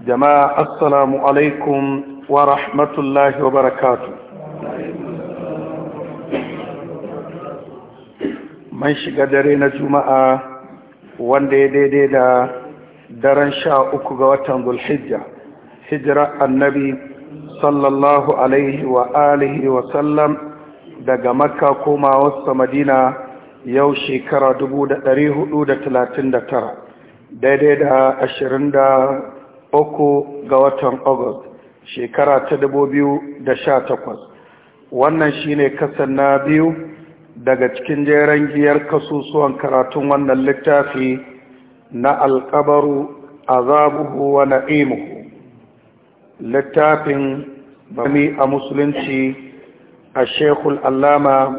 jama'a assalamu alaikum wa rahmatullahi wa barakatu man shiga dare na juma'a wanda ya daidai da daren sha uku ga watan zulhijja hijira annabi sallallahu alaihi wa alihi wa sallam daga makka koma wasu madina yau shekara 439 daidai da uku ga watan August shekara ta dubu biyu da sha takwas wannan shine kasan na biyu daga cikin jeren giyar kasusuwan karatun wannan littafi na alkabaru azabuhu wa na'imuhu littafin bami a musulunci a shekul allama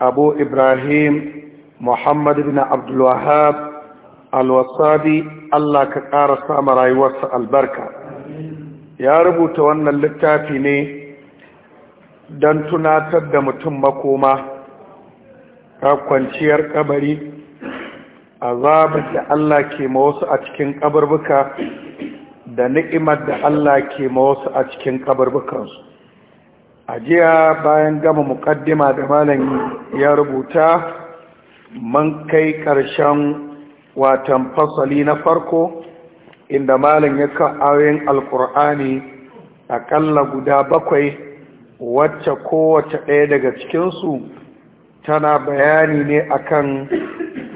abu ibrahim muhammad bin abdulwahab alwasabi Allah ka ƙara sama rayuwarsa albarka ya rubuta wannan littafi ne don tunatar da mutum makoma ta kwanciyar kabari azabar da Allah ke ma wasu a cikin ƙabarbuka da ni'imar da Allah ke ma wasu a cikin kabarbukansu a jiya bayan gama mukaddima da malami ya rubuta man kai ƙarshen watan fasali na farko inda malam ya ka ayoyin alkur'ani akalla guda bakwai wacce kowace ɗaya daga cikinsu tana bayani ne akan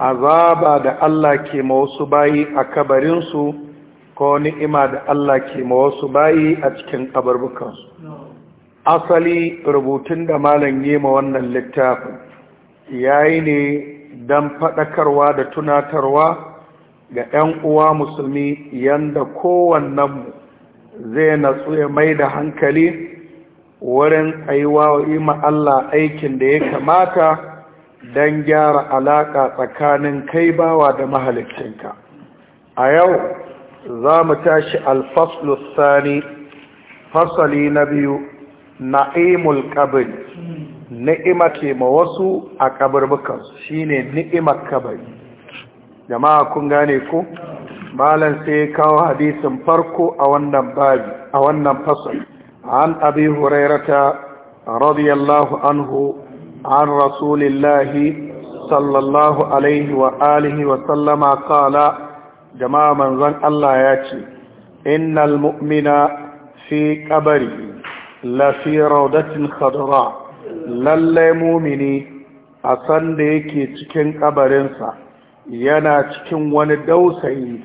azaba da Allah ke ma wasu bayi a kabarinsu ko ni'ima da Allah ke ma wasu bayi a cikin kabarbukansu asali rubutun da malam yi ma wannan littafin yayi ne don faɗakarwa da tunatarwa ga 'yan uwa musulmi yanda mu zai natsu ya mai da hankali wurin aiwa wa ima Allah aikin da ya kamata don gyara alaƙa tsakanin kai bawa da mahalicinka a yau za mu tashi alfaslus fasali na biyu na'imul ƙabin ni'ima ke ma wasu a kabarbukansu shine ni'imar kabari jama'a kun gane ko malan sai ya kawo hadisin farko a wannan babi a wannan fasal an abi hurairata radiyallahu anhu an rasulillahi sallallahu alaihi wa alihi wa sallama qala jama'a manzon Allah ya ce innal mu'mina fi qabri la fi rawdatin khadra lallai mumini a sanda yake cikin kabarinsa yana cikin wani dausayi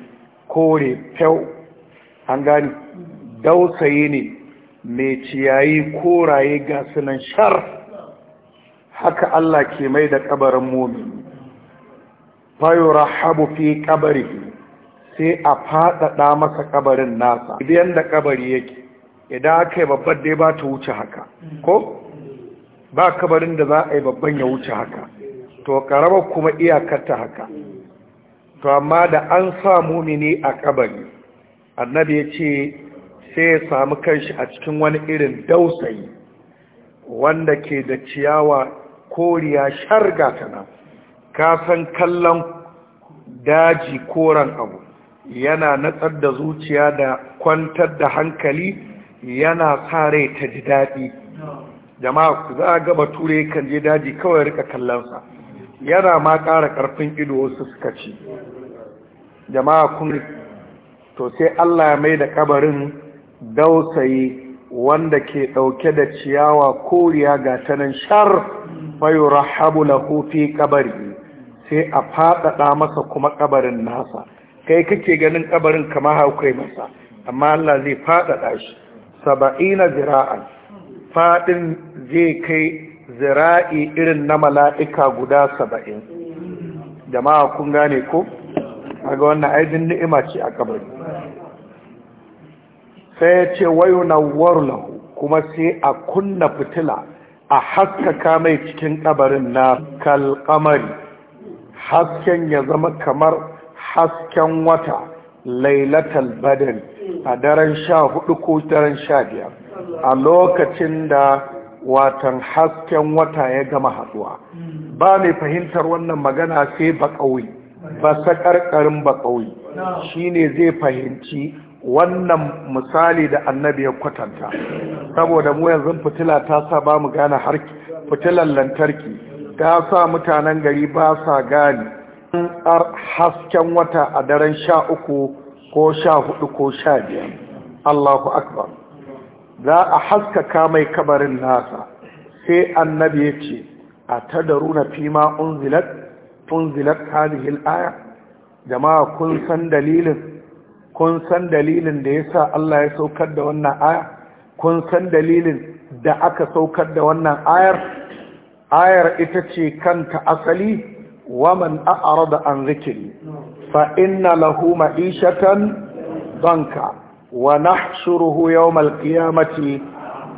kore fau an gani dausayi ne mai ciyayi koraye ga sunan shar haka Allah ke mai da kabarin mumini fayo rahabu fi kabari sai a faɗaɗa masa kabarin nasa idan da kabari yake idan aka yi babbar dai ba ta wuce haka ko ba kabarin da za a yi babban ya wuce haka to karamar kuma iyakarta haka to amma da an sa ne a kabari annabi ya ce sai ya samu kanshi a cikin wani irin dausayi wanda ke da ciyawa koriya sharga tana kasan kallon daji koren abu yana natsar da zuciya da kwantar da hankali yana sa rai ta ji daɗi jama'a ku za a gaba ture kan je daji kawai rika kallonsa yana ma ƙara ƙarfin ido wasu suka ci jama'a kun to sai allah mai da kabarin dausayi wanda ke ɗauke da ciyawa koriya ga tanan shar bayu rahabu lahu fi kabari sai a faɗaɗa masa kuma kabarin nasa kai kake ganin kabarin kamar haukai masa amma allah zai faɗaɗa shi saba'ina zira'an faɗin zai kai zira'i irin na mala'ika guda saba'in jama'a kun gane ko ga wannan aibin ni'ima ce a kabari sai ya ce wayo na warlahu kuma sai a kunna fitila a haskaka mai cikin kabarin na kalkamari hasken ya zama kamar hasken wata lailatal badari a daren sha hudu ko daren sha biyar a lokacin da watan hasken wata ya gama haduwa ba mai fahimtar wannan magana sai ba ƙauye ba sakarkarin ba ƙauye shine zai fahimci wannan misali da annabi ya kwatanta saboda mu yanzu fitila ta sa ba mu gane har fitilan lantarki ta sa mutanen gari ba sa gani, gane hasken wata a daren sha uku ko sha hudu ko sha biyar Allahu akbar za a haskaka mai kabarin nasa sai annabi ya ce a tadaruna fima unzilat unzilat hadhihi aya jama'a kun san dalilin kun san dalilin da yasa Allah ya saukar da wannan aya kun san dalilin da aka saukar da wannan ayar ayar ita ce kanta asali waman a'rada an zikri fa inna lahu ma'ishatan banka. ونحشره يوم القيامة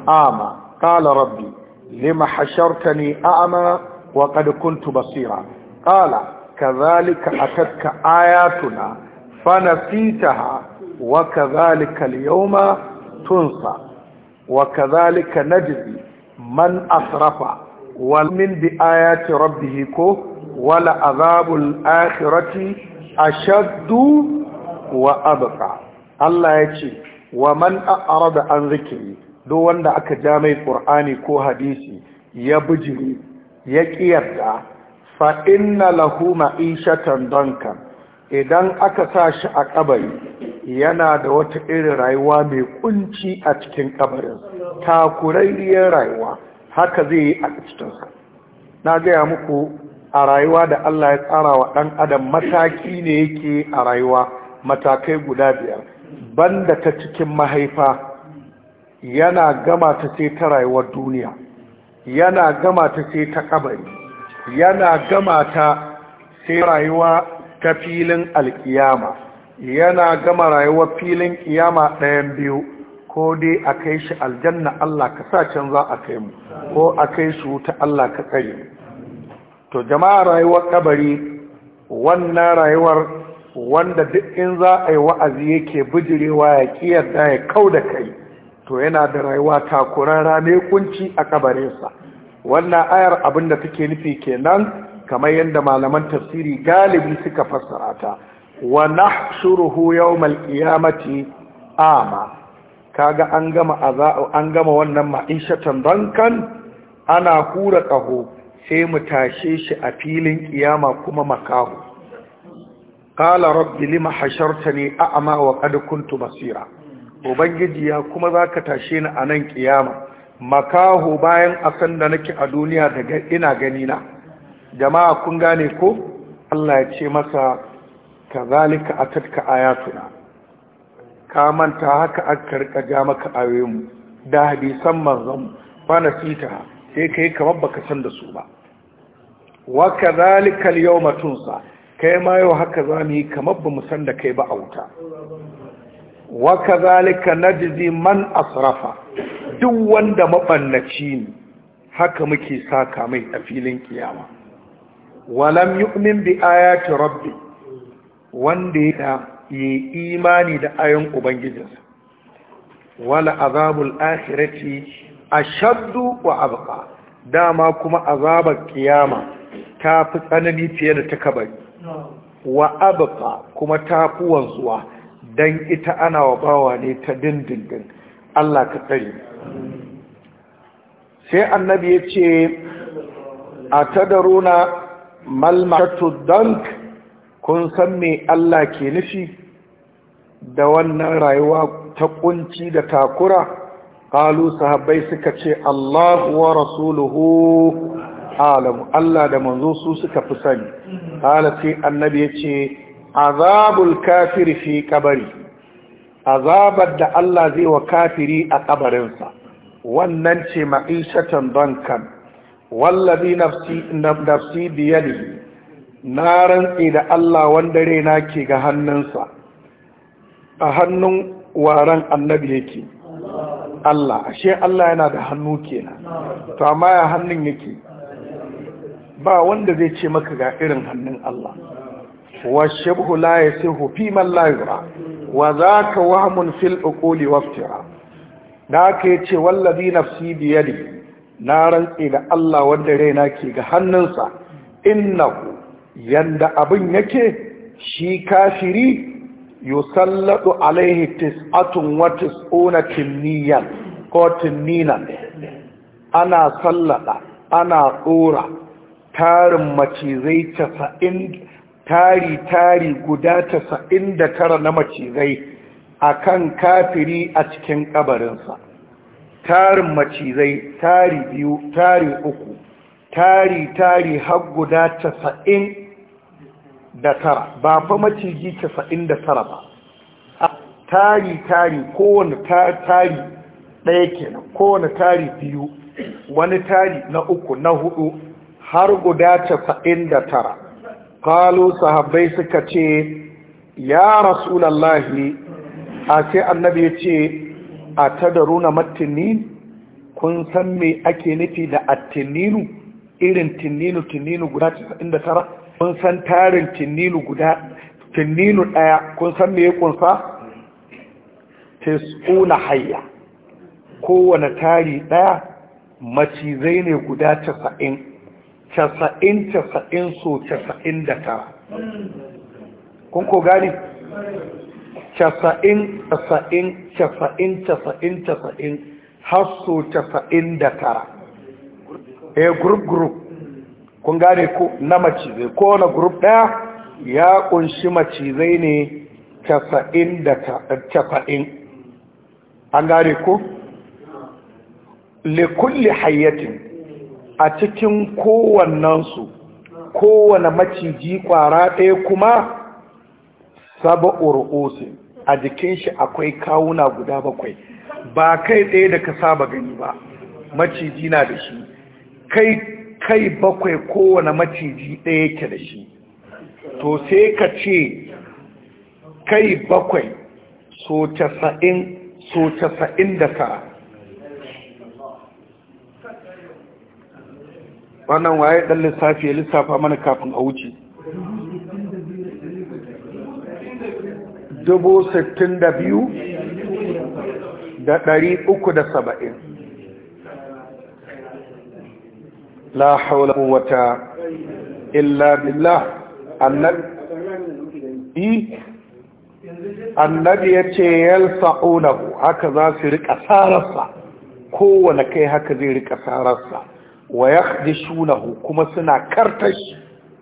أعمى قال ربي لما حشرتني أعمى وقد كنت بصيرا قال كذلك أتتك آياتنا فنسيتها وكذلك اليوم تنسى وكذلك نجزي من أسرف ومن بآيات ربه كو ولعذاب الآخرة أشد وأبقى Allah ya ce wa man a'rada an zikiri duk wanda aka ja mai qur'ani ko hadisi ya bijiri ya kiyarda fa inna lahu ma'ishatan danka idan aka sa shi a kabari yana da wata irin rayuwa mai kunci a cikin kabarin takurairiyar rayuwa haka zai yi a sa na gaya muku a rayuwa da Allah ya tsara wa ɗan adam mataki ne yake a rayuwa matakai guda biyar banda ta cikin mahaifa yana gama ta ce ta rayuwar duniya yana gama ta ce ta kabari yana gama ta sai rayuwa ta filin alkiyama yana gama rayuwar filin kiyama ɗayan biyu ko dai a kai shi aljanna Allah ka sa can za a kai mu ko a kai su ta Allah ka kai to jama'a rayuwar kabari wannan rayuwar wanda duk in za a yi wa'azi yake bijirewa ya da ya kau da kai to yana da rayuwa takuran rane kunci a kabarinsa wannan ayar abin da take nufi kenan kamar yadda malaman tafsiri galibi suka fassara ta wa shuruhu yau qiyamati ama kaga an gama an gama wannan ma'ishatan bankan ana hura ƙaho sai mu tashe shi a filin ƙiyama kuma makaho qala rabbi lima hashartani a'ma wa qad basira ubangiji ya kuma zaka tashe ni a nan ƙiyama. makaho bayan asan da nake a duniya daga ina gani na jama'a kun gane ko Allah ya ce masa kazalika atatka ayatuna ka manta haka aka rika ja maka ayoyin mu da hadisan manzon fa nasita sai yi kamar baka san da su ba wa kadhalika al-yawma kai ma yau haka za mu yi kamar ba mu san da kai ba a wuta wa kazalika najzi man asrafa duk wanda mabannaci ne haka muke saka mai a filin kiyama walam yu'min bi ayati rabbi wanda ya yi imani da ayon ubangijinsa wala azabul akhirati ashaddu wa abqa dama kuma azabar kiyama ta fi tsanani fiye da ta kabari wa abqa kuma ta zuwa dan ita ana wa bawa ne ta dindindin Allah ka tsare sai annabi ya ce a tadaruna malmatu dank kun san me Allah ke nufi da wannan rayuwa ta kunci da takura kalu sahabbai suka ce Allah wa rasuluhu a'lamu Allah da manzo su suka fi sani qala ce annabi yace azabul kafiri fi kabari azabar da Allah zai wa kafiri a kabarinsa wannan ce ma'ishatan bankan wallabi nafsi nafsi biyadihi na rantse da Allah wanda raina ke ga hannunsa a hannun waran annabi yake Allah ashe Allah yana da hannu kenan to amma ya hannun yake ba wanda zai ce maka ga irin hannun Allah wa shabhu la yasihu fi man la yura wa zaka wahmun fil uquli waftira da kai yace wallazi nafsi bi yadi na rantsi da Allah wanda raina ke ga hannunsa innahu yanda abin yake shi kafiri yusallatu alaihi tis'atun wa tis'una tinniyan ko tinninan ana sallada ana tsora tarin macizai casa'in tari-tari guda casa'in da tara na macizai a kan kafiri a cikin kabarinsa tarin macizai tari biyu tari uku tari-tari har guda casa'in da tara ba fa maciji casa'in da tara ba tari-tari kowane tari ɗaya kenan kowane tari biyu wani tari na uku na hudu har guda casa'in da tara kalu sahabbai suka ce ya rasulallahi a sai annabi ya ce a na matinin kun san me ake nufi da a tininu irin tininu tininu guda casa'in da tara kun san tarin tininu guda tininu ɗaya kun san me ya kunsa tisuna hayya kowane tari ɗaya macizai ne guda casa'in casa'in casa'in so casa'in da tara kun ko gani casa'in casa'in casa'in casa'in casa'in har so casa'in da tara e group group kun gane ko na macizai ko na group daya ya kunshi macizai ne casa'in da casa'in an gane ko likulli hayyatin a cikin kowannensu kowane maciji kwara ɗaya kuma saba urusi a jikin shi akwai kawuna guda bakwai ba kai ɗaya da ka saba gani ba maciji na da shi kai kai bakwai kowane maciji ɗaya yake da shi to sai ka ce kai bakwai so casa'in so casa'in da ka wannan waye dan lissafi ya lissafa mana kafin a wuce dubu sittin da biyu da ɗari uku da saba'in la haula wata illa billah annabi annabi ya ce yalsa'unahu haka za su riƙa sararsa kowane kai haka zai riƙa sararsa wa Shunahu kuma suna kartashi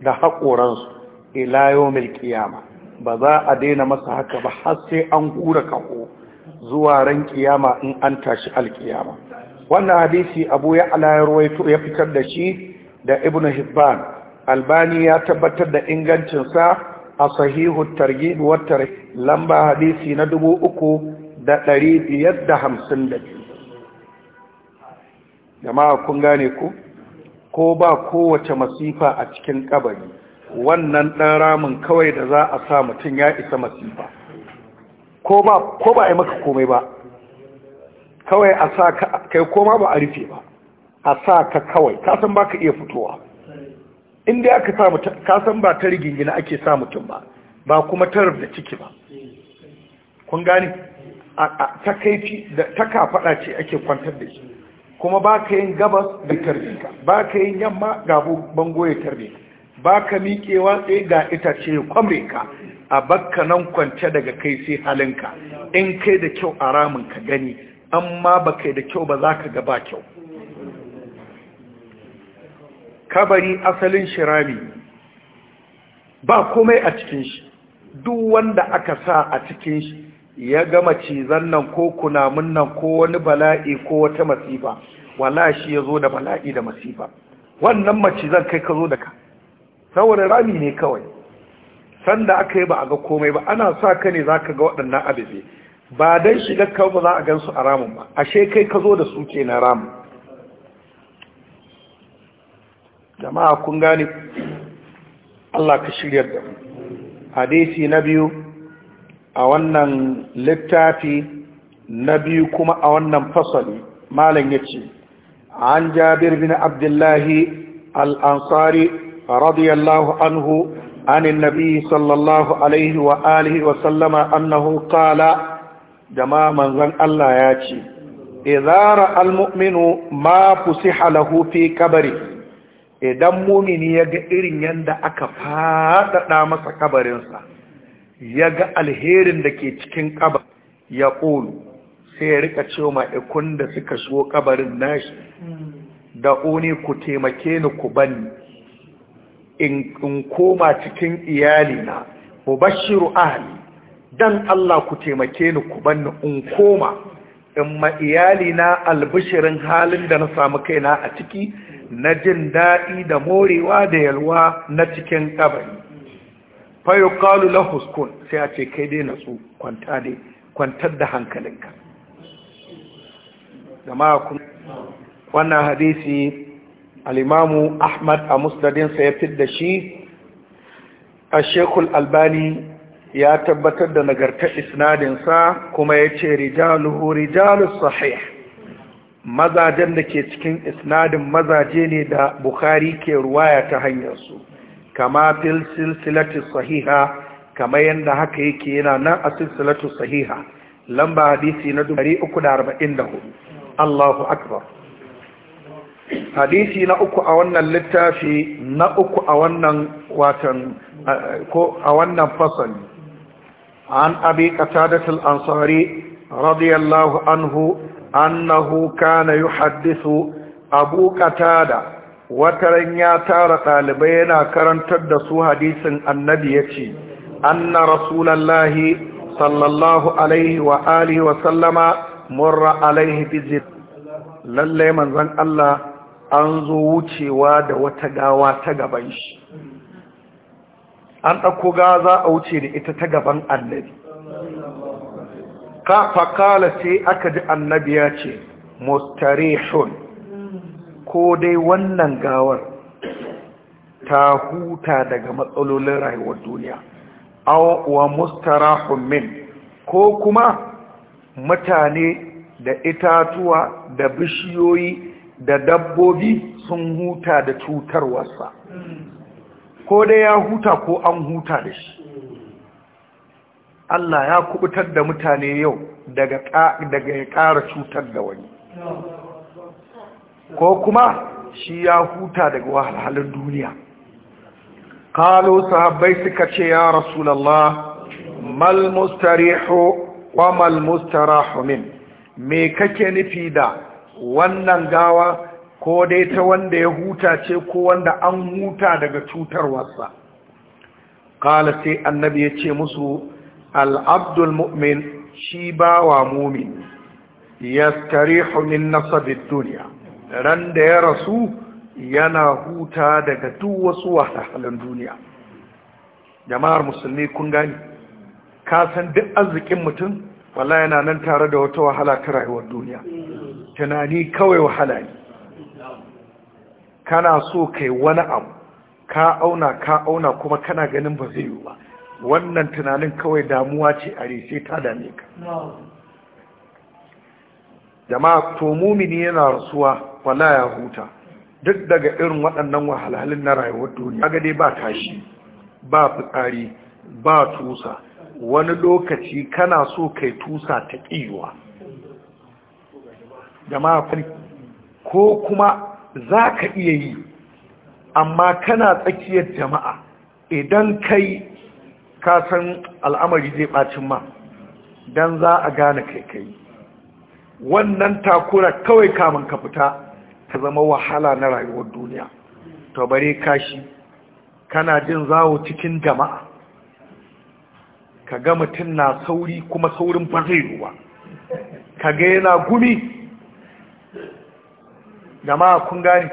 da haƙoransu ila yawmil ƙiyama. ba za a daina masa haka ba har sai an kura kaho zuwa ran ƙiyama in an tashi alkiyama wannan hadisi abu ya alayar ya ya fitar da shi da Ibn hibban albani ya tabbatar da ingancinsa a sahihu targhib wa lamba hadisi na dubu da da hamsin 3552 jama'a kun gane ku ko ba kowace masifa a cikin kabari wannan dan ramin kawai da za a sa mutum ya isa masifa ko ba ko ba a yi maka komai ba kawai a sa ka kai koma ba a rufe ba a sa ka kawai ka san baka iya fitowa inda aka sa mutum ka san ba ta rigingina ake sa mutum ba ba kuma tarar da ciki ba kun gane a takaici da takafada ce ake kwantar da shi kuma ba ka yin gabas da karbe ka ba ka yin yamma ga bango ya karbe ba ka miƙewa tsaye ga itace ya kwamre ka a bakka nan kwance daga kai sai halinka in kai da kyau a ramin ka gani amma ba kai da kyau ba za ka gaba kyau kabari asalin shirami ba komai a cikin shi duk wanda aka sa a cikin shi ya gama cizan nan ko kunamun nan ko wani bala'i ko wata masifa wala shi ya zo da bala'i da masifa wannan macizan kai ka zo da ka saboda rami ne kawai sanda aka yi ba a ga komai ba ana sa ka ne za ka ga waɗannan abubuwa ba don shiga kawo za a gansu a ramin ba ashe kai ka zo da su ke na ramin jama'a kun gane Allah ka shirya da hadisi na biyu a wannan littafi na biyu kuma a wannan fasali malam ya ce an jabir bin abdullahi al'ansari radiyallahu anhu عن النبي صلى الله عليه وآله وسلم أنه قال جماعة من ذن الله ياتي إذا رأى المؤمن ما فسح له في كبره idan mumini ya ga irin yadda aka faɗaɗa masa kabarinsa ya ga alherin da ke cikin ƙabar ya ƙolu sai ya rika cewa ma'aikun da suka shigo ƙabarin nashi da ne ku taimake ni ku bani in koma cikin iyalina ku bashiru ahali don Allah ku taimake ni ku bani in koma in ma iyalina albishirin halin da na samu kaina a ciki na jin daɗi da morewa da yalwa na cikin ƙabari fayo kalu huskun sai a ce kai dai natsu kwanta dai kwantar da hankalinka wannan hadisi alimamu ahmad a musnadinsa ya fi da shi a shekul albani ya tabbatar da nagartar isnadinsa kuma ya ce rijaluhu rijalus sahih mazajen da ke cikin isnadin mazaje ne da Bukhari ke ruwaya ta hanyar su. kama fil silsilati sahiha kama yanda haka yake yana nan a silsilatu sahiha lamba hadisi na 344 Allahu akbar hadisi na uku a wannan littafi na uku a wannan watan eh, ko a wannan fasali an abi qatadat al-ansari radiyallahu anhu annahu kana yuhaddithu abu qatada wataran ya tara ɗalibai yana karantar da su hadisin annabi ya ce anna rasulallahi sallallahu alaihi wa alihi wa sallama murra alaihi bizir lallai manzan Allah an zo wucewa da wata gawa ta gaban shi an ɗauko gawa za a wuce da ita ta gaban annabi ka fakala sai aka ji annabi ya ce ko dai wannan gawar ta huta daga matsalolin rayuwar duniya aw wa mustarahun min ko kuma mutane da itatuwa da bishiyoyi da dabbobi sun huta da cutarwarsa ko dai ya huta ko an huta da shi Allah ya kubutar da mutane yau daga ya ƙara cutar da wani ko kuma shi ya huta daga wahalhalun duniya kalo sahabbai suka ce ya rasulallah mal mustarihu wa mal mustarahu min me kake nufi da wannan gawa ko dai ta wanda ya huta ce ko wanda an huta daga cutarwarsa kala sai annabi ya ce musu al'abdul mu'min shi wa mumin ya tarihu min nasabin duniya ran da ya rasu yana huta daga duk wasu wahalhalun duniya jama'ar musulmi kun gani ka san duk arzikin mutum wallahi yana nan tare da wata wahala ta rayuwar duniya tunani kawai wahala ne kana so kai wani abu ka auna ka auna kuma kana ganin ba zai yi ba wannan tunanin kawai damuwa ce a reshe ta dame ka jama'a to mumini yana rasuwa wala ya huta duk daga irin waɗannan wahalhalin na rayuwar duniya ga dai ba tashi ba fitsari ba tusa wani lokaci kana so kai tusa ta ƙiwa ko kuma za ka iya yi amma kana tsakiyar jama'a idan kai kasan al'amari zai ɓacin ma don za a gane kai kai wannan takura kawai kamun ka fita ta zama wahala na rayuwar duniya to bare kashi kana jin zawo cikin jama'a ka ga mutum na sauri kuma saurin ba zai ruwa ka ga yana gumi jama'a kun gani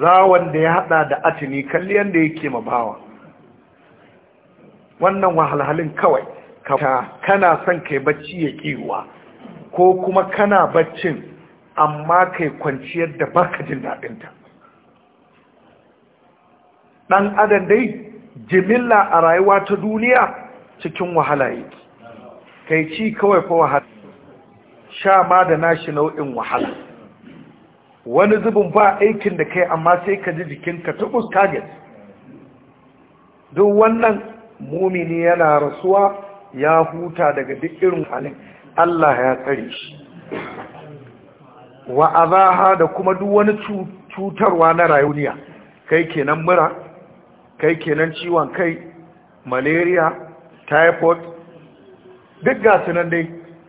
zawon da ya hada da atini kalli yadda yake mabawa wannan wahalhalin kawai kana son kai bacci ya kiwa ko kuma kana baccin amma kai kwanciyar da baka jin daɗinta ɗan adam dai jimilla a rayuwa ta duniya cikin wahala yake kai ci kawai fa wahala sha ma da nashi nau'in wahala wani zubin ba aikin da kai amma sai ka ji jikinka ta target duk wannan mumini yana rasuwa ya huta daga duk irin halin Allah ya tsare shi wa azaha da kuma duk wani cutarwa na rayuniya kai kenan mura kai kenan ciwon kai malaria typhoid duk gasu nan dai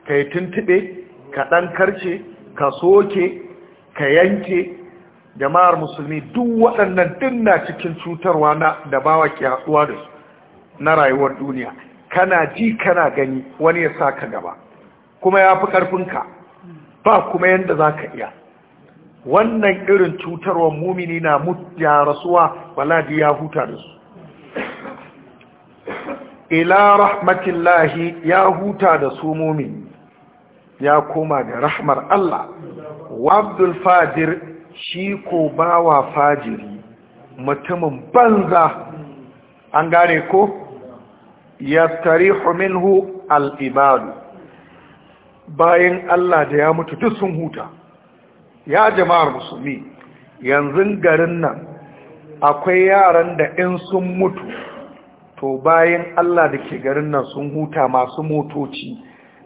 ka tuntube ka ɗan karce ka soke ka yanke jama'ar musulmi duk waɗannan dinna cikin cutarwa na da bawa ke haɗuwa da su na rayuwar duniya kana ji kana gani wani ya sa ka gaba kuma ya fi ƙarfinka ba kuma yadda za ka iya wannan irin cutarwar mumini na ya rasuwa waladi ya huta da su ila lahi ya huta da su mumini ya koma da rahmar Allah wa abdul fajir shi ko bawa fajiri mutumin banza an gane ko ya tarihu minhu al'ibadu bayan Allah da ya mutu duk sun huta ya jama'ar musulmi yanzu garin nan akwai yaran da in sun mutu to bayan Allah da ke garin nan sun huta masu motoci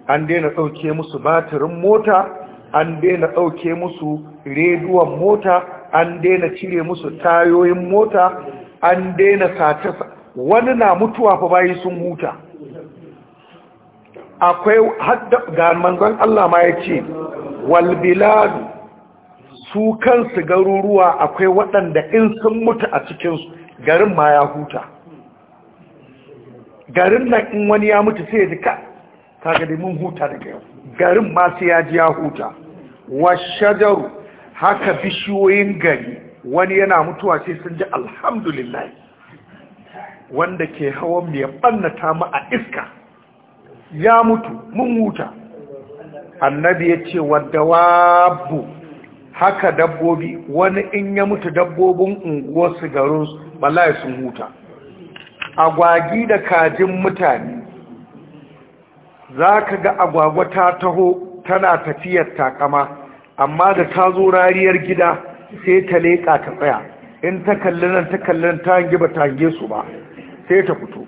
an daina ɗauke musu batirin mota an daina ɗauke musu rediyon mota an daina cire musu tayoyin mota an daina sace wani na mutuwa fa bayi sun huta akwai hadda ga manzon Allah ma ya wal bilad su kansu garuruwa akwai waɗanda in sun mutu a cikin garin ma ya huta garin nan in wani ya mutu sai ya ji ka kaga da mun huta daga yau garin ma sai ya ji ya huta washajaru haka bishiyoyin gari wani yana mutuwa sai sun ji alhamdulillah wanda ke hawan mai ɓannata ma a iska ya mutu mun huta annabi ya ce wadda haka dabbobi wani in ya mutu dabbobin unguwarsu garinsu wallahi sun huta agwagi da kajin mutane za ka ga agwagwa ta taho tana tafiyar takama amma da ta zo rariyar gida sai ta leƙa ta tsaya in ta kalli nan ta kalli nan ta hangi ba ta hange su ba sai ta fito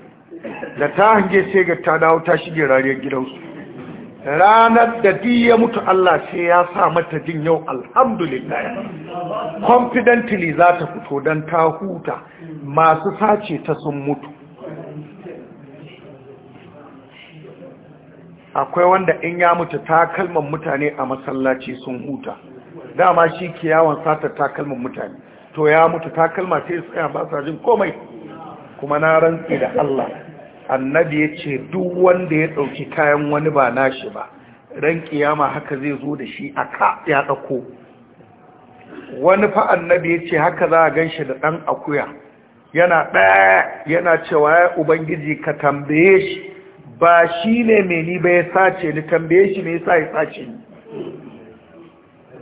da ta hange sai ga ta dawo ta shige rariyar gidansu ranar da di ya mutu Allah sai ya sa mata jin yau alhamdulillah confidently za ta fito don ta huta masu sace ta sun mutu akwai wanda in ya mutu takalman mutane a masallaci sun huta dama shi ke yawon sata takalman mutane to ya mutu takalma sai tsaya ba sa jin komai kuma na rantsi da Allah annabi ya ce duk wanda ya ɗauki kayan wani ba nashi ba ran kiyama haka zai zo da shi a ka ya ɗako wani fa annabi ya ce haka za a gan shi da ɗan akuya yana ɗaya yana cewa ya ubangiji ka tambaye shi ba shi ne mai ni ba ya sace ni tambaye shi ne ya sa ya sace ni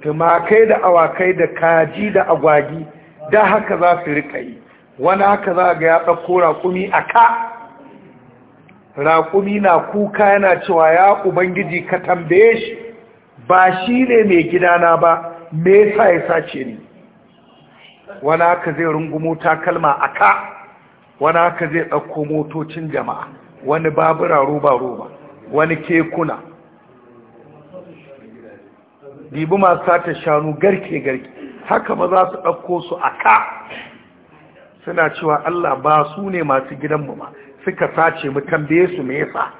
tumakai da awakai da kaji da agwagi da haka za su rika yi wani haka za a ga ya ɗauko raƙumi a ka raƙumi na kuka yana cewa ya ubangiji ka tambaye shi ba shi ne mai gidana ba me yasa ya sace ni wani haka zai rungumo takalma a ka wani haka zai ɗauko motocin jama'a wani babura roba-roba wani kekuna dibi masu sata shanu garke-garke haka ma za su ɗauko su a ka suna cewa Allah ba su ne masu gidanmu ba suka sace mu tambaye su me yasa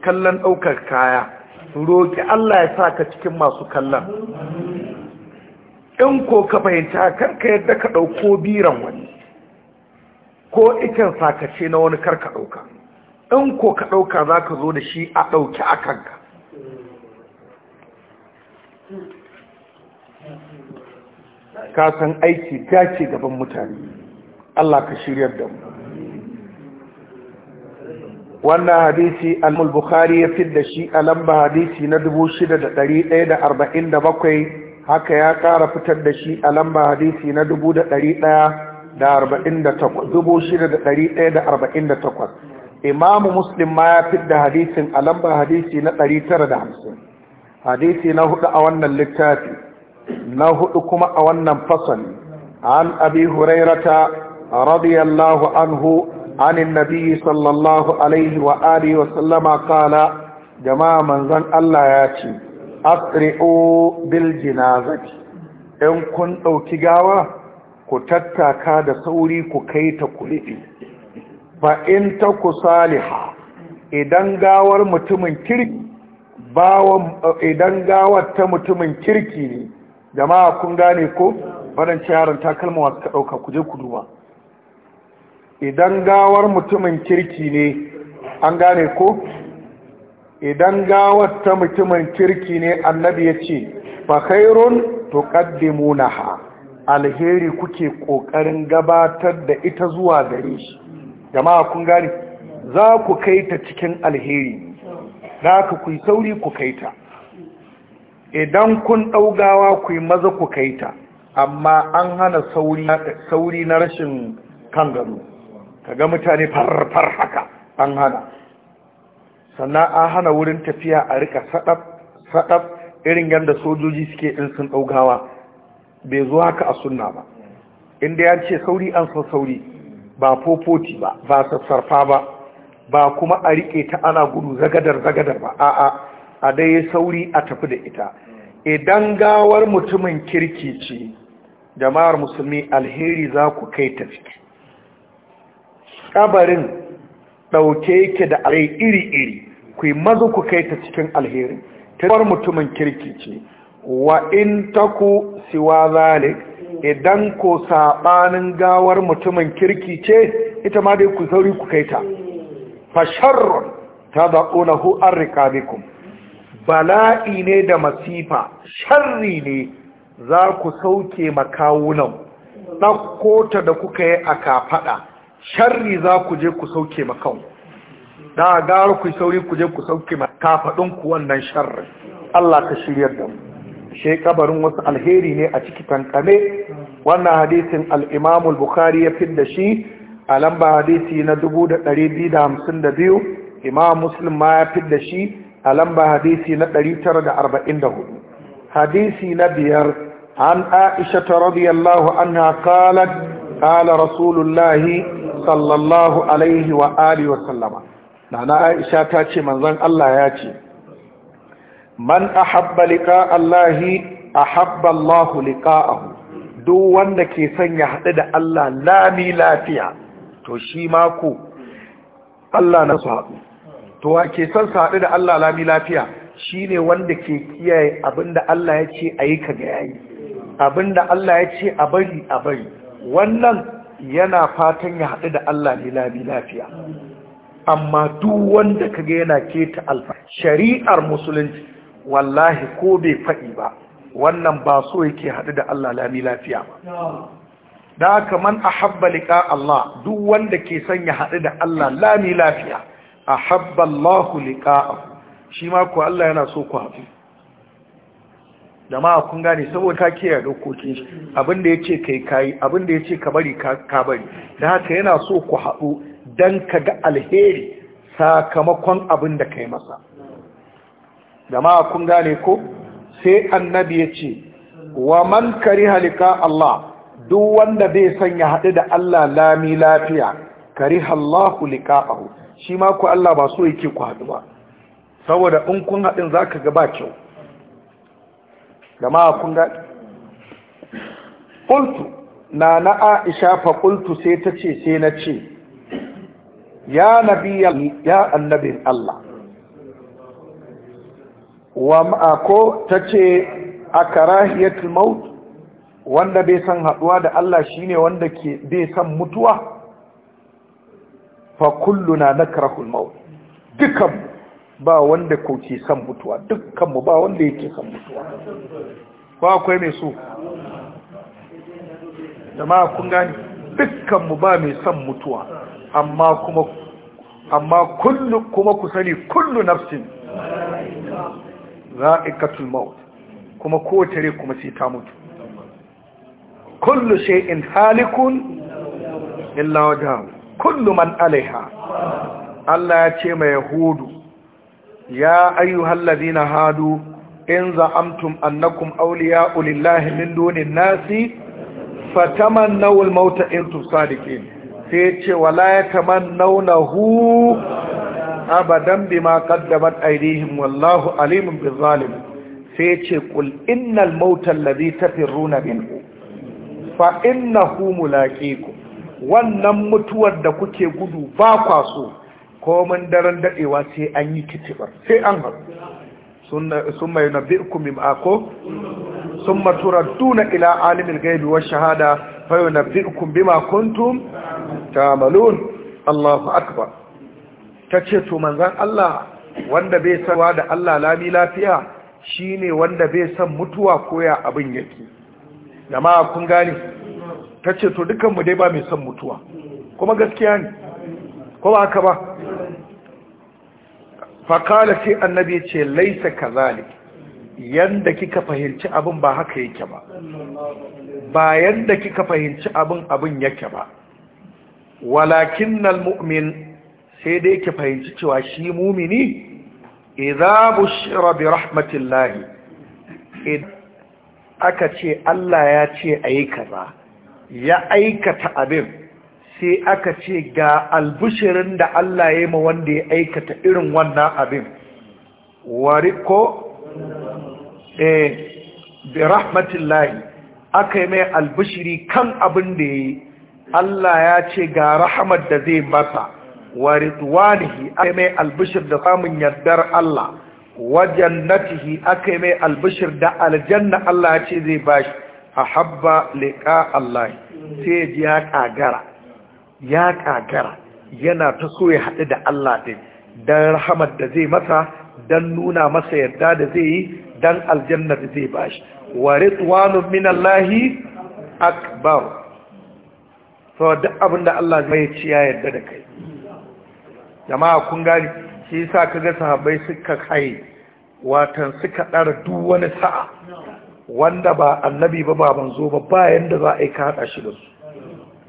kallon ɗaukar kaya roƙi Allah ya sa ka cikin masu kallon in ko ka fahimta karka yadda ka ɗauko biran wani ko ikin sakace na wani karka ɗauka in ko ka ɗauka zaka zo da shi a ɗauki a kanka ka san aiki ta ce gaban mutane Allah ka shiryar da mu wannan hadisi al bukhari ya da shi a lamba hadisi na 6147 haka ya kara fitar da shi a lamba hadisi na 6148 imamu muslim ma ya da hadisin a lamba hadisi na 950 hadisi na hudu a wannan littafi na hudu kuma a wannan fasali an abi hurairata رضي الله عنه عن النبي صلى الله عليه وآله وسلم قال جماعة من ذن الله ياتي أطرعوا بالجنازة إن كنت كتتا كاد دسوري ككيت كلفي فإن تكو صالحة idan gawar mutumin kirki bawon idan gawar ta mutumin kirki ne jama'a kun gane ko wadancan yaron takalma wasu ka ɗauka ku je ku duba idan gawar mutumin kirki ne an gane ko idan gawar ta mutumin kirki ne annabi ya ce fa na ha, alheri kuke kokarin gabatar da ita zuwa gare shi jama'a kun gane za ku kai ta cikin alheri za ku kuyi sauri ku kai ta idan kun ɗaugawa ku yi maza ku kai ta amma an hana sauri na rashin kan gado Ka ga mutane farfar haka an hana sannan an hana wurin tafiya a rika saɗaf irin yadda sojoji suke in sun ɗaugawa bai zuwa haka a sunna ba inda ya ce sauri an san sauri ba fofoti ba ba sassarfa ba ba kuma a riƙe ta ana gudu zagadar-zagadar ba a'a a dai sauri a tafi da ita idan gawar mutumin kirki ce jama'ar musulmi alheri za ku kai tafi kabarin ɗauke yake da alai iri-iri ku yi mazu ku kai ta cikin alheri tawar mutumin kirki ce wa in taku siwa zalik idan ku saɓanin gawar mutumin kirki ce ita ma dai ku sauri ku kai ta fasharron ta zaɓona hu'ar rikabikun bala'i ne da masifa sharri ne za ku sauke makawunan ɗakkota da kuka yi a kafaɗa sharri za ku je ku sauke makan da gara ku sauri ku je ku sauke kafaɗin ku wannan sharri Allah ka shiryar da mu shi kabarin wasu alheri ne a ciki tankame wannan hadisin al-Imam al-Bukhari ya fidda shi a lamba hadisi na 2252 Imam Muslim ma ya fidda shi a lamba hadisi na 944 hadisi na biyar an Aisha radiyallahu anha qalat قال رسول الله sallallahu alaihi wa alihi wa sallama nana aisha ta ce manzon Allah ya ce man ahabba liqa allahi ahabba allah liqa'ahu duk wanda ke son ya haɗu da Allah lami lafiya to shi mako Allah na sa haɗu to wa ke son sa haɗu da Allah lami lafiya shine wanda ke kiyaye abinda Allah ya ce a yi ka ga yayi abinda Allah ya ce a bari a bari wannan yana fatan ya haɗu da Allah ne lafiya amma duk wanda kaga yana keta alfa shari'ar musulunci wallahi ko bai faɗi ba wannan ba so yake haɗu da Allah lami lafiya ba da haka man ahabba liqa Allah duk wanda ke son ya haɗu da Allah lami lafiya ahabba Allahu shi ma ku Allah yana so ku haɗu jama'a kun gane saboda ka kiyaye dokokin shi abinda ya yace kai kayi abinda ya ce ka bari ka bari da haka yana so ku haɗu don ka ga alheri sakamakon abinda ka yi masa jama'a kun gane ko sai annabi ya ce wa man kari halika Allah duk wanda zai sanya haɗu da Allah lami lafiya kariha Allahu liqa'ahu shi ma ku Allah ba so yake ku haɗu ba saboda in kun haɗin zaka ga ba kyau jama'a kun ga Kultu na na Aisha fa kultu sai ta ce sai na ce ya nabiyyi ya annabin Allah wa ma'ako tace akarahiyatul maut wanda bai san haduwa da Allah shine wanda ke bai san mutuwa fa kulluna na al-maut dukan ba wanda ko ke son mutuwa dukkanmu ba wanda yake son mutuwa ba akwai mai so jama'a kun gani dukkanmu ba mai son mutuwa amma kuma amma kullu kuma ku sani kullu nafsin za'iqatul maut kuma kowace rai kuma sai ta mutu kullu shay'in halikun illa wajhahu kullu man alaiha Allah ya ce mai yahudu ya ayyuhal ladina hadu in za'amtum annakum auliya lillahi min nasi fatamannaw al-maut in tusadiqin sai ce wala yatamannawnahu abadan bima qaddamat aydihim wallahu alimun bizalim sai ce qul innal maut alladhi tafirruna minhu fa innahu mulaqikum wannan mutuwar da kuke gudu ba kwaso komin daren daɗewa sai an yi kitibar sai an haru sun mai na bi'ikun mimako ah, sun matura duna ila alimin gaibi wa shahada fayo na bi'ikun bima kuntum ta malun allahu akbar ta ce to manzan allah wanda bai sawa da allah lami lafiya shine wanda bai san mutuwa koya abin yake jama'a kun gane ta ce to dukanmu dai ba mai son mutuwa kuma gaskiya ne ko ba haka ba fakala sai annabi ce laisa kazalik yanda kika fahimci abin ba haka yake ba ba yanda kika fahimci abin abin yake ba walakin mu'min sai dai ki fahimci cewa shi mumini idza bushira bi rahmatillahi aka ce Allah ya ce ayi kaza ya aikata abin sai aka ce ga albushirin da Allah ya ma wanda ya aikata irin wannan abin ko. eh bi rahmatillahi aka yi mai albushiri kan abin da ya yi Allah ya ce ga rahamar da zai masa waritwanihi aka yi mai albushir da samun yardar Allah Wajen tihi aka yi mai albushir da aljanna Allah ya ce zai bashi a habba liƙa Allah sai ya ji ya ƙagara ya kagara yana ta so ya haɗu da Allah ɗin don rahamar da zai masa don nuna masa yadda da zai yi don aljanna da zai ba bashi wa ritwanun lahi akbar so da abin da Allah zai ci ya yadda da kai jama'a kun gani shi ka ga sahabbai suka kai watan suka ɗara duk wani sa'a wanda ba annabi ba ba manzo ba bayan da za a yi kaɗa shi da su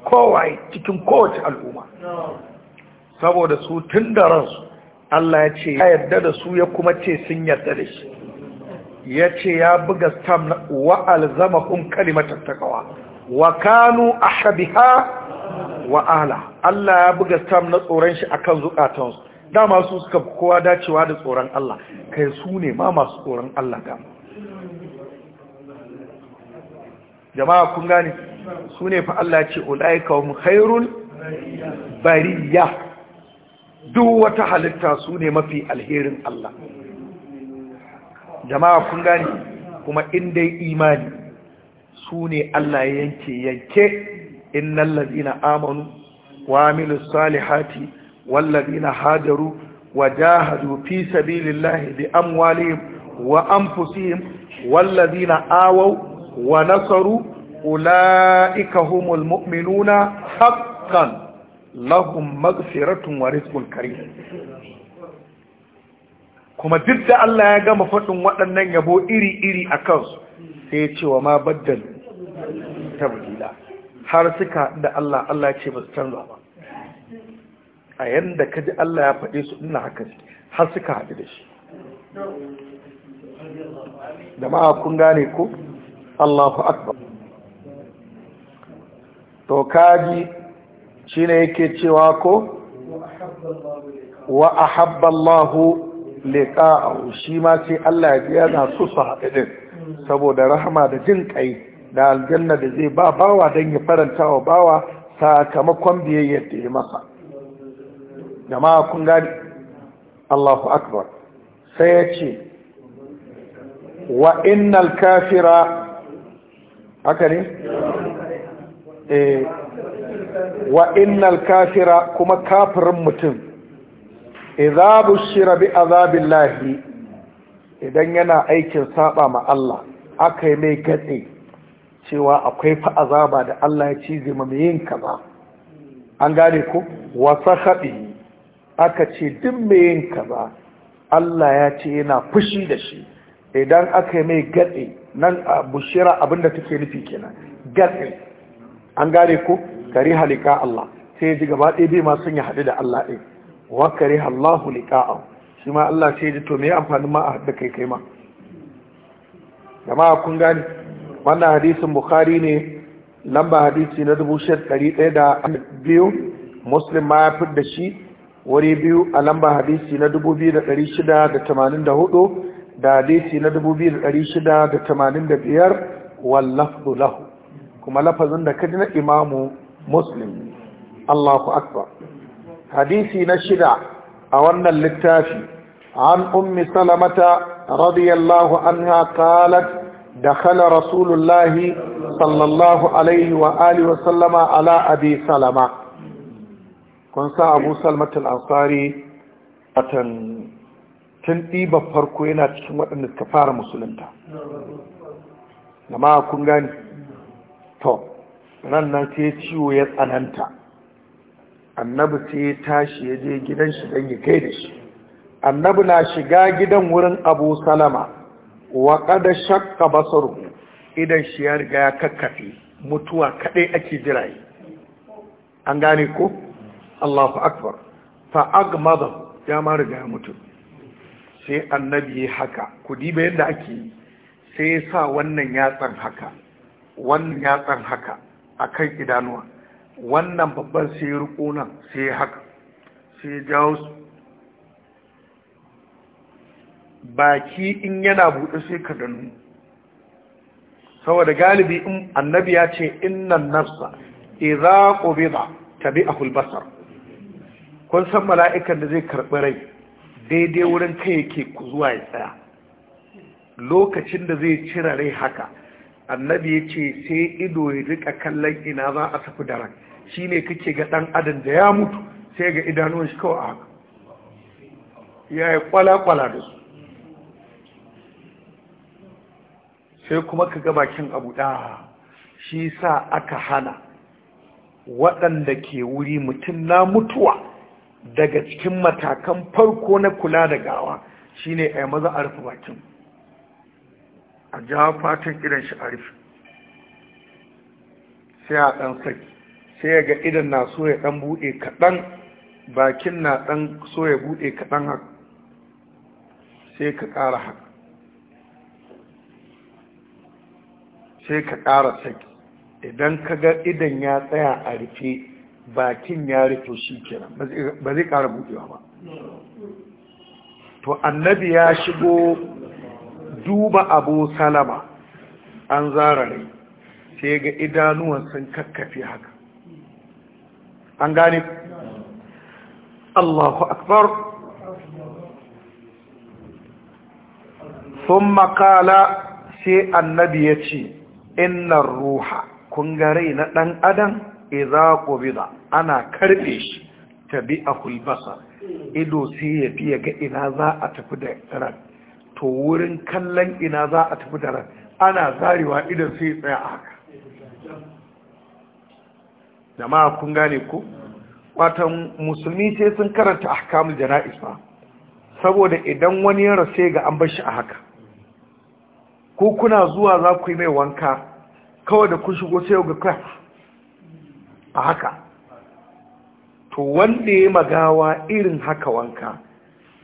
Kowai cikin kowace al'umma saboda su tun da ransu Allah ya ce ya yarda da su ya kuma ce sun yarda da shi ya ce ya buga stam wa kun kalimatar takawa wa kanu ahabiha wa ala Allah ya buga stam na tsoron shi akan zukatansu dama su suka kowa dacewa da tsoron Allah kai su ne ma masu tsoron Allah dama jama'a kun gane su ne fa Allah ce ulaika hum khairul bariya duk wata halitta su ne mafi alherin Allah jama'a kun gani kuma inda dai imani su ne Allah yanke yanke innal ladina amanu wa amilus salihati wal ladina hajaru وجاهدوا في سبيل الله بأموالهم وأنفسهم والذين آووا ونصروا ula'ika humul mu'minuna haqqan lahum maghfiratun wa rizqun karim kuma duk da Allah ya gama faɗin waɗannan yabo iri-iri a kansu sai ce wa ma baddal tabdila har suka da Allah Allah ce ba su canza ba a yanda ka Allah ya faɗe su ina haka har suka haɗu da shi da kun gane ko Allahu akbar to kaji shine yake cewa ko wa ahabba Allah liqa'ahu shi ma sai Allah ya yana so su haɗe din saboda rahama da jin kai da aljanna da zai ba bawa don ya faranta wa bawa sakamakon biyayyar da ya masa jama'a kun gani Allahu akbar sai ya ce wa innal kafira haka ne Eh, wa innal kafira kuma kafirin mutum idza bushira bi azabillahi idan yana aikin saba ma Allah akai mai gatse cewa akwai fa azaba da Allah ya cize ma yin kaza an gane ku wa sahabi aka ce duk mai yin kaza Allah ya ce yana fushi da shi idan aka mai gatse nan bushira abinda take nufi kenan gatse an gane ko kari halika Allah sai ya ji gaba ɗaya bai ma sun yi haɗu da Allah ɗin wa kari Allahu liqa'a shi ma Allah sai ya ji to me amfanin ma a haɗu kai kai ma jama'a kun gane wannan hadisin Bukhari ne lamba hadisi na dubu ɗari ɗaya da biyu Muslim ma ya fi da shi wuri biyu a lamba hadisi na dubu biyu da ɗari shida da tamanin da hudu da hadisi na dubu biyu da ɗari shida da tamanin da biyar wallafdu lahu kuma lafazin da kaji na imamu muslim Allahu akbar hadisi na shida a wannan littafi an ummi salamata radiyallahu anha qalat dakhala rasulullahi sallallahu alaihi wa alihi wa sallama ala abi salama kun sa abu salmat al-ansari atan tun ɗiba farko yana cikin waɗanda suka fara musulunta jama'a kun gani to nan nan sai ciwo ya tsananta annabi sai ya tashi ya je gidan shi don ya kai da shi annabi na shiga gidan wurin abu salama wa kada shakka basaru idan shi ya riga ya kakkafe mutuwa kaɗai ake jiraye an gane ko allahu akbar fa'agmada ya ma riga ya mutu sai annabi haka ku diba yadda ake yi sai ya sa wannan yatsan haka wannan yatsan haka a kan idanuwa wannan babban sai ya riko nan sai haka sai ya jawo su baki in yana buɗe sai ka danu saboda galibi in annabi ya ce innan nafsa idza qubida tabi'ahu al-basar kun san mala'ikan da zai karɓi rai daidai wurin kai yake zuwa ya tsaya lokacin da zai cire rai haka annabi ya ce sai ido ya rika kallon ina za a tafi da ran shi ne kake ga ɗan adam da ya mutu sai ga idanuwan shi kawai a haka ya yi kwala-kwala da su sai kuma ka ga bakin abu ɗaya shi sa aka hana waɗanda ke wuri mutum na mutuwa daga cikin matakan farko na kula da gawa shine a maza a rufe bakin a jawo fatan idan shi a rufe sai a ɗan saki sai ga idan na so ya ɗan buɗe kaɗan bakin na ɗan so ya buɗe kaɗan haka sai ka ƙara haka sai ka ƙara saki idan ka ga idan ya tsaya a rufe bakin ya rufe shi kenan ba zai ƙara buɗewa ba to annabi ya shigo duba abu salama an zarare sai ga idanuwan sun kakkafi haka an gane Allahu akbar sun makala sai annabi ya ce innan ruha kungare na ɗan adam iza ƙubida ana karfe shi tabi a hulbasa ido sai ya fiye ga ina za a tafi da ran to wurin kallon ina za a tafi da ran ana zarewa idan sai tsaya a haka jama'a kun gane ku watan musulmi sai sun karanta ahkamul jana'is ba saboda idan wani ya rase ga an bashi a haka ko kuna zuwa za ku yi mai wanka kawai da kun shigo sai ga kai a haka to wanda ya magawa irin haka wanka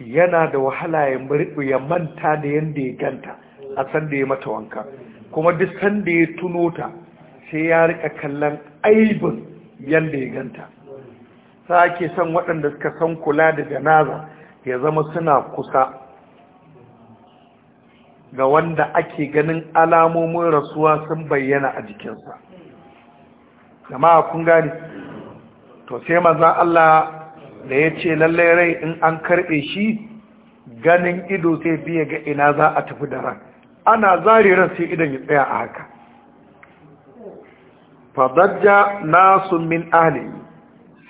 yana da wahala ya ya manta da yanda ya ganta a sanda da ya mata wanka kuma duk san da ya tuno ta sai ya rika kallon aibin yanda ya ganta sa ake son waɗanda suka san kula da janaza ya zama suna kusa ga wanda ake ganin alamomin rasuwa sun bayyana a jikinsa jama'a kun gani to sai maza Allah da ya ce lallai rai in an karɓe shi ganin ido sai biya ga ina za a tafi da ran ana zari ran sai idan ya tsaya a haka fadajja nasu min ahli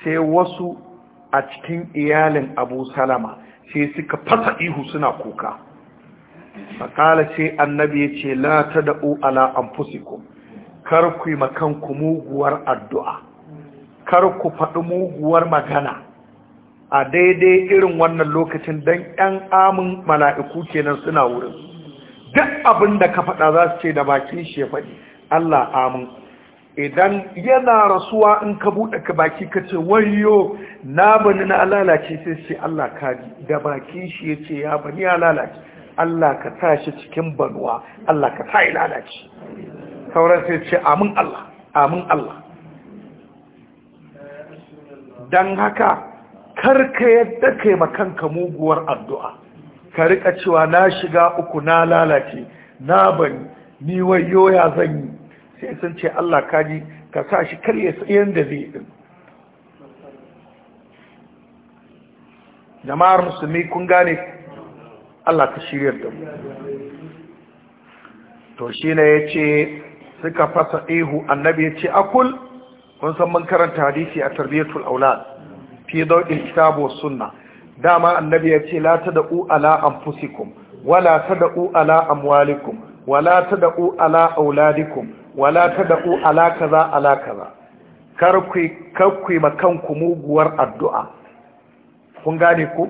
sai wasu a cikin iyalin abu salama sai suka fasa ihu suna kuka makala sai annabi ya ce la ta da'u ala anfusikum kar ku yi makanku muguwar addu'a kar ku faɗi muguwar magana a daidai irin wannan lokacin don 'yan amin mala'iku kenan suna wurin duk abin da ka faɗa za su ce da bakin shi ya faɗi Allah amin idan yana rasuwa in ka buɗe ka baki ka ce wayo na bani na lalace sai ce Allah ka kaji da bakin shi ya ce ya bani ya lalace Allah ka sa shi cikin banuwa Allah ka sa ya lalace sauran sai ce amin Allah amin Allah don haka karka yadda kai kanka muguwar addu'a ka rika cewa na shiga uku na lalace na ban ni wayo ya zan yi sai sun ce Allah kaji ka sa shi karye tsayen da zai din jama'ar musulmi kun gane Allah ka shirya da mu to shi ne ya ce suka fasa ihu annabi ya ce akul kun san mun karanta hadisi a Tarbiyyatul aulad fi daukin kitabu sunna dama annabi ya ce la tad'u ala anfusikum wala tad'u ala amwalikum wala tad'u ala auladikum wala tad'u ala kaza ala kaza karku ma makanku muguwar addu'a kun gane ku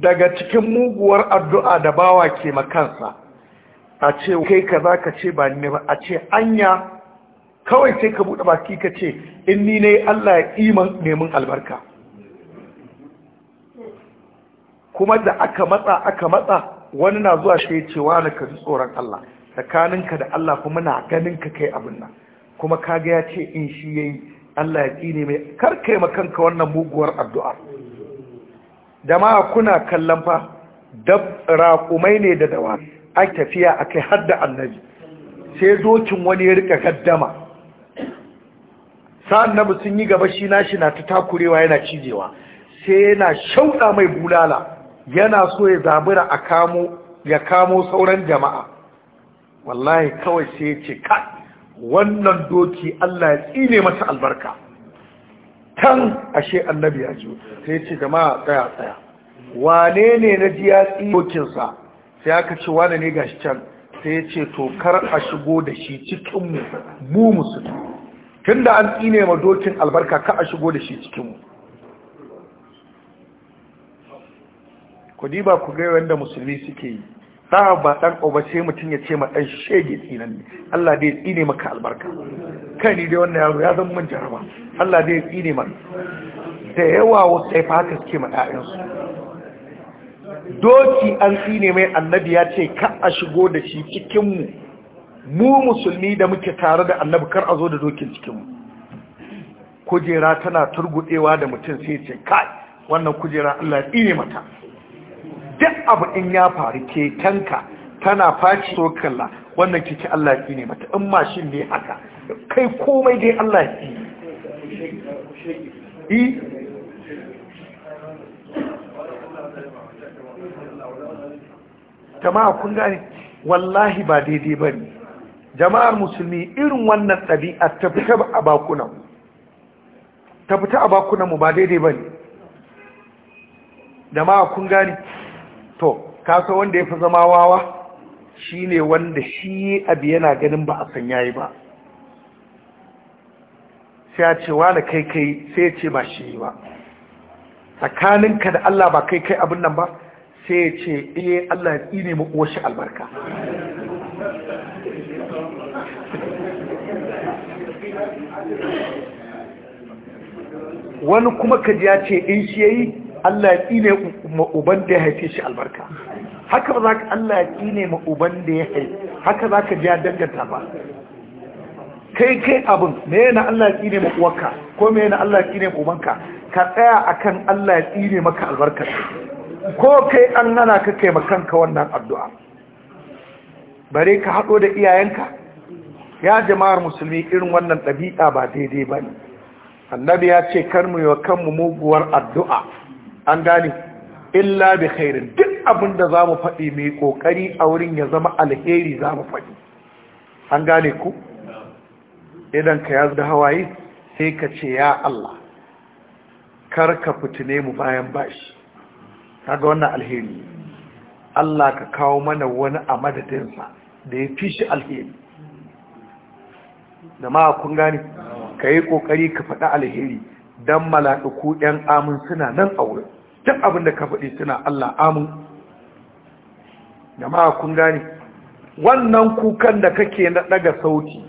daga cikin muguwar addu'a da bawa ke makansa a ce kai kaza ka ce ba ni ba a ce anya kawai sai ka buɗe baki ka ce in ni ne Allah ya iman neman albarka kuma da aka matsa aka matsa wani na zuwa shi ya ce wani ka ji tsoron Allah tsakaninka da Allah kuma na ganin ka kai abin nan kuma kaga ya ce in shi yayi Allah ya tsine mai karkai makanka wannan muguwar addu'a da ma kuna kallon fa dab raƙumai ne da dawa a tafiya akai har da annabi sai dokin wani ya rika kaddama. sa'an nan sun yi gaba shi nashi na ta takurewa yana cijewa sai yana shauɗa mai bulala yana so ya zabura a kamo ya kamo sauran jama'a wallahi kawai sai ya ce ka wannan doki Allah ya tsine masa albarka tan ashe annabi ya ji sai ya ce jama'a tsaya tsaya wane ne na ji ya dokinsa sai aka ce wane ne gashi can sai ya ce to kar a shigo da shi cikin mu mu musulmi tunda an tsine ma dokin albarka ka a shigo da shi cikinmu ku diba ku ga wanda musulmi suke yi ta ba dan oba sai mutum ya ce ma dan shege tsinan ne Allah dai tsine maka albarka kai ni dai wannan yaro ya zama mun jaraba Allah dai tsine maka da yawa wasu sai fata suke ma ɗayan su doki an tsine mai annabi ya ce ka a shigo da shi cikin mu mu musulmi da muke tare da annabi kar a zo da dokin cikinmu kujera tana turgudewa da mutum sai ce kai wannan kujera Allah ya mata duk abu in ya faru kekenka tana faci so kalla wannan kike Allah ya ne mata in mashin ne haka kai komai dai Allah ya tsine jama'a kun gane wallahi ba daidai ba ne jama'ar musulmi irin wannan ɗabi'a ta fita a bakunan ta fita a mu ba daidai ba ne jama'a kun gani to kasa wanda ya fi zama wawa shi ne wanda shi abu yana ganin ba a san yayi ba sai ya ce wani kai kai sai ya ce ba shi yi ba tsakaninka da Allah ba kai kai abin nan ba sai ya ce iya eh, Allah ya ne mu uwar shi albarka wani kuma kaji ya ce in shi yayi Allah ya tsine ma'uban da ya haife shi albarka haka ba za ka Allah ya tsine ma'uban da ya haife haka za ka ji ya danganta ba kai kai abin me yana Allah ya tsine ma'uwarka ko me yana Allah ya tsine ma'ubanka ka tsaya akan Allah ya tsine maka albarka ko kai an nana ka kai makanka wannan addu'a bare ka haɗo da iyayenka ya jama'ar musulmi irin wannan ɗabi'a ba daidai ba ne annabi ya ce kar mu yi kanmu muguwar addu'a an gane illa bi khairin duk abin da zamu mu faɗi mai ƙoƙari a wurin ya zama alheri za mu faɗi an gane ku idan ka ya da hawaye sai ka ce ya Allah kar ka fitine mu bayan bashi kaga wannan alheri Allah ka kawo mana wani a madadinsa da ya fi shi alheri da ma kun gane ka yi ƙoƙari ka faɗi alheri don mala'iku ‘yan amin suna nan a wurin duk abin da ka faɗi suna Allah amin gama kun gane wannan kukan da kake na ɗaga sauti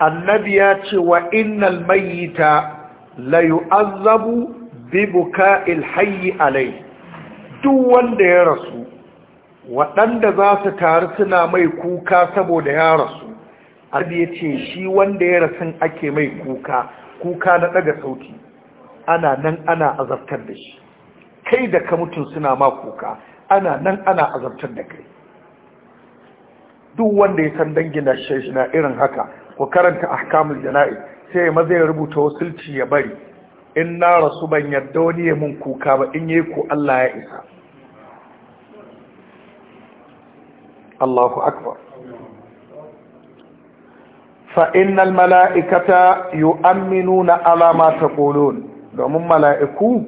annabi ya ce wa innal mayyita la yu'azzabu bi buka'il hayyi alai duk wanda ya rasu waɗanda za su taru suna mai kuka saboda ya rasu abu ya ce shi wanda ya rasu ake mai kuka kuka na daga sauti ana nan ana azabtar da shi kai da ka mutum suna ma kuka ana nan ana azabtar da kai duk wanda ya san dangin da shi na irin haka ku karanta ahkamul jana'i sai maza ya rubuta wasulci ya bari in na rasu ban yadda wani ya mun kuka ba in yi ko Allah ya isa Allahu akbar فإن الملائكة يؤمنون على ما تقولون domin mala'iku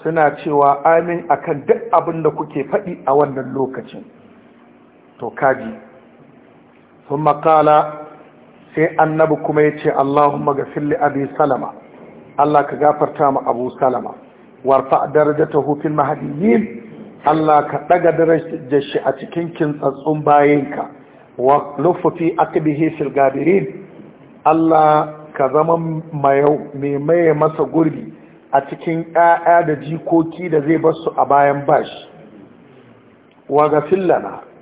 suna cewa amin akan duk abin da kuke faɗi a wannan lokacin to kaji sun makala sai annabi kuma ya ce allahumma ga fili abi salama allah ka gafarta ma abu salama warfa darajata hufin mahadiyin allah ka ɗaga darajar shi a cikin kintsatsun bayanka wa lufu fi fil gabirin Allah ka zama mai maye masa gurbi a cikin ƴaƴa da jikoki da zai bar su a bayan bashi wa gafil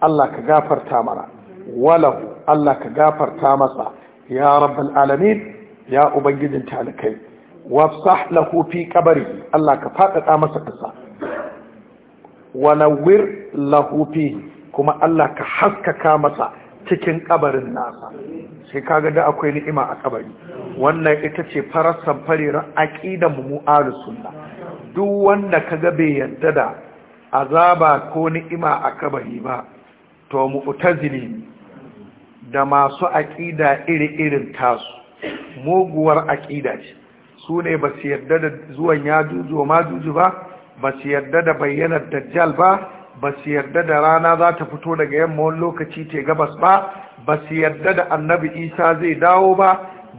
Allah ka gafarta mana walahu Allah ka gafarta masa ya rabbal alamin ya ubangijin talikai wafsah lahu fi qabri Allah ka fadada masa kasa walawir lahu fi kuma Allah ka haskaka masa cikin ƙabarin nasa sai kaga da akwai ni'ima a ƙabari. wannan ita ce farar samfarirar aƙidan mu ahlus sunna duk wanda ka ga bai yarda da azaba ko ni'ima a ƙabari ba to mu'tazili da masu aƙida iri-irin tasu muguwar aƙida ce su ne ba su yarda da zuwan ya yajuju ma juju ba ba su yarda da bayyanar dajjal ba ba su yarda da rana za ta fito daga yamma wani lokaci te gabas ba ba su yarda da annabi isa zai dawo ba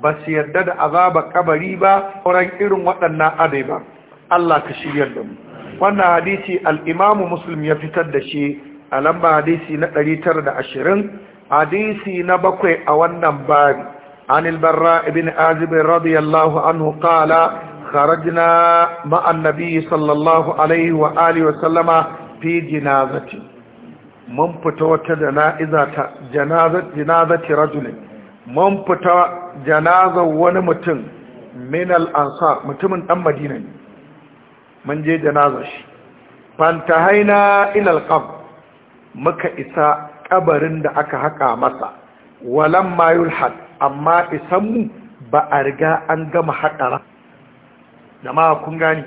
ba su yarda da azaba kabari ba sauran irin waɗannan adai ba Allah ka shiryar da mu wannan hadisi al-imamu muslim ya fitar da shi a lamba hadisi na 920 hadisi na bakwai a wannan babi an al-barra ibn azib radiyallahu anhu qala kharajna ma'a an-nabi sallallahu alaihi wa wa sallama fi jinazati mun fita wata jana'izata jinazati rajulin mun fita janazar wani mutum min al-ansar mutumin dan madina ne mun je janazar shi fantahaina ila al-qabr muka isa kabarin da aka haka masa walamma yulhad amma isan mu ba a riga an gama haƙara jama'a kun gani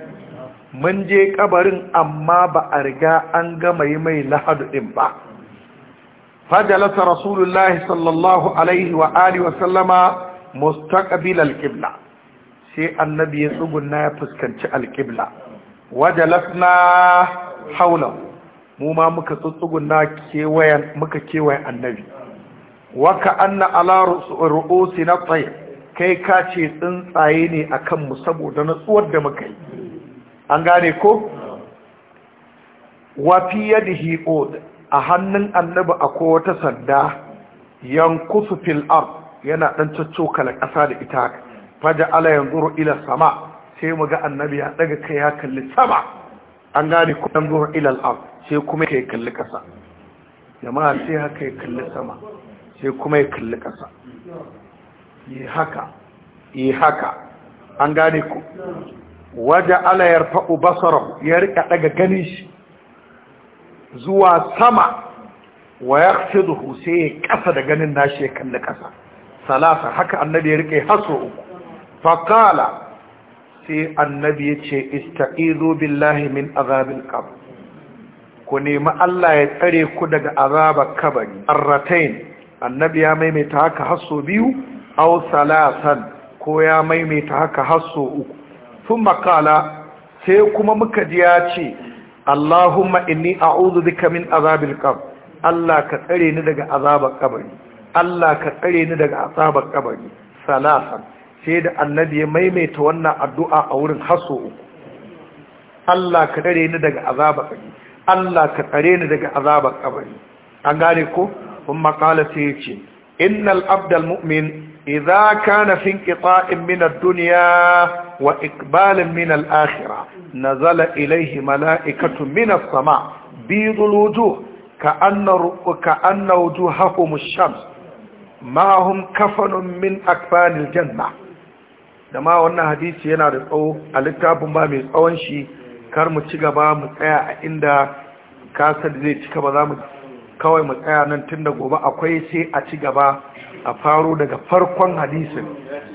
mun je kabarin amma ba a riga an gama yi mai lahadu ɗin ba fajalasa rasulullahi sallallahu alaihi wa alihi wa sallama mustaqbil alqibla sai annabi ya tsuguna ya fuskanci alqibla wajalasna haula, mu ma muka tsutsuguna kewayen muka kewayen annabi waka anna ala ru'usi na tsaye kai ka ce tsuntsaye ne a kanmu saboda natsuwar da muka yi an gane ko wa fi yadihi a hannun annabi a kowata sanda yankusu fil ard yana dan caccokala ƙasa da ita faja ala yanzu ila sama sai mu ga annabi ya daga kai ya kalli sama an gane ko yanzu ila al'ar sai kuma kai kalli ƙasa jama'a sai haka ya kalli sama sai kuma ya kalli ƙasa yi haka yi haka an gane ku waje ala yarfa'u basarar ya rika daga ganin shi zuwa sama wa ya fi duhu sai ya kasa da ganin nashi ya kalli kasa salasa haka annabi ya rike haso uku fakala sai annabi ya ce ista'izu billahi min azabin kabari ku nemi Allah ya tsare ku daga azabar kabari arratain annabi ya maimaita haka haso biyu au salasan ko ya maimaita haka haso uku sun makala sai kuma muka ji ya ce Allahumma inni a'udhu bika min azabin qabr Allah ka tsare ni daga azabar kabari Allah ka tsare ni daga azabar kabari salasan sai da annabi ya maimaita wannan addu'a a wurin haso uku Allah ka tsare ni daga azabar kabari Allah ka tsare ni daga azabar kabari an gane ko kuma kala sai ya ce innal abdal mu'min idza kana fi inqita'in min ad-dunya wa ikbalin min al-akhirah nazala ilaihi mala'ikatu min as-sama' bidul ka ka'anna ka'anna wujuhahum ash-shams ma'ahum kafanun min akfanil janna da ma wannan hadisi yana da tsawo a littafin ba mai tsawon shi kar mu ci gaba mu tsaya a inda kasar zai cika ba za mu kawai mu tsaya nan tun da gobe akwai sai a ci gaba a faro daga farkon hadisin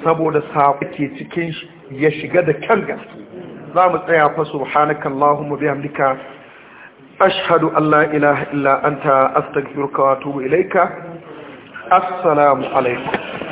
saboda sabu ke cikin shi ya shiga da kyan za mu tsaya fa subhanaka allahumma bihamdika ashhadu an la ilaha illa anta astaghfiruka wa atubu ilaika assalamu alaikum